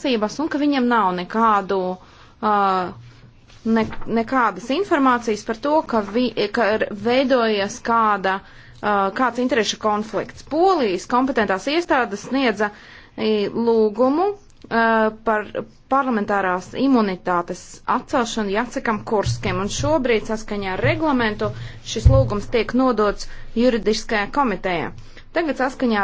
tiesības un ka viņam nav nekādu, uh, ne, nekādas informācijas par to, ka, vi, ka veidojas kāda, uh, kāds interešu konflikts. Polijas kompetentās iestādes sniedza lūgumu uh, par parlamentārās imunitātes atcelšanu Jacekam Kurskim, un šobrīd saskaņā ar reglamentu šis lūgums tiek nodots juridiskajā komitejā. Tagad saskaņā